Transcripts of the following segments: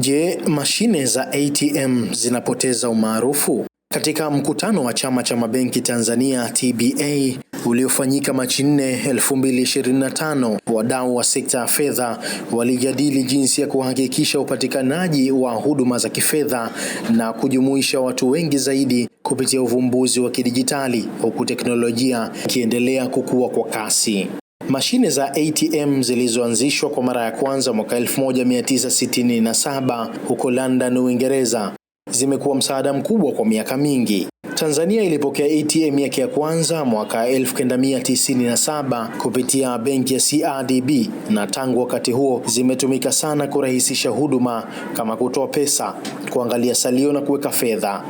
Je, mashine za ATM zinapoteza umaarufu? Katika mkutano wa Chama cha Mabenki Tanzania TBA uliofanyika Machi 4, 2025, wadau wa sekta ya fedha walijadili jinsi ya kuhakikisha upatikanaji wa huduma za kifedha na kujumuisha watu wengi zaidi kupitia uvumbuzi wa kidijitali, huku teknolojia ikiendelea kukua kwa kasi. Mashine za ATM zilizoanzishwa kwa mara ya kwanza mwaka 1967 huko London, Uingereza zimekuwa msaada mkubwa kwa miaka mingi. Tanzania ilipokea ATM yake ya kwanza mwaka 1997 kupitia benki ya CRDB na tangu wakati huo zimetumika sana kurahisisha huduma kama kutoa pesa, kuangalia salio na kuweka fedha.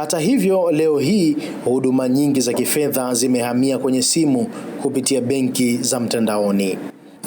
Hata hivyo, leo hii huduma nyingi za kifedha zimehamia kwenye simu kupitia benki za mtandaoni.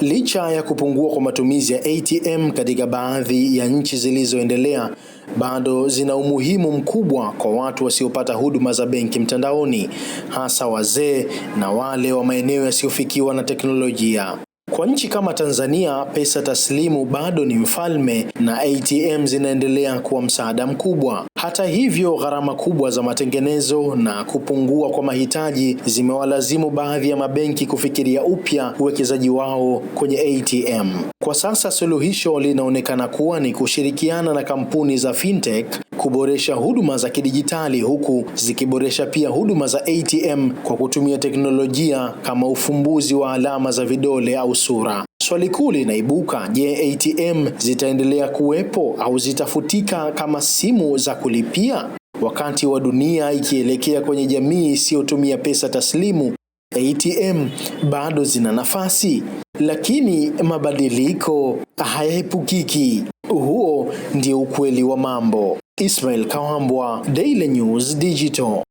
Licha ya kupungua kwa matumizi ya ATM katika baadhi ya nchi zilizoendelea, bado zina umuhimu mkubwa kwa watu wasiopata huduma za benki mtandaoni, hasa wazee na wale wa maeneo yasiyofikiwa na teknolojia. Kwa nchi kama Tanzania, pesa taslimu bado ni mfalme na ATM zinaendelea kuwa msaada mkubwa. Hata hivyo, gharama kubwa za matengenezo na kupungua kwa mahitaji zimewalazimu baadhi ya mabenki kufikiria upya uwekezaji wao kwenye ATM. Kwa sasa suluhisho linaonekana kuwa ni kushirikiana na kampuni za fintech kuboresha huduma za kidijitali huku zikiboresha pia huduma za ATM kwa kutumia teknolojia kama ufumbuzi wa alama za vidole au sura. Swali kuu linaibuka, je, ATM zitaendelea kuwepo au zitafutika kama simu za kulipia? Wakati wa dunia ikielekea kwenye jamii isiyotumia pesa taslimu, ATM bado zina nafasi, lakini mabadiliko hayaepukiki. Huo ndio ukweli wa mambo. Ismail Kawambwa, Daily News Digital.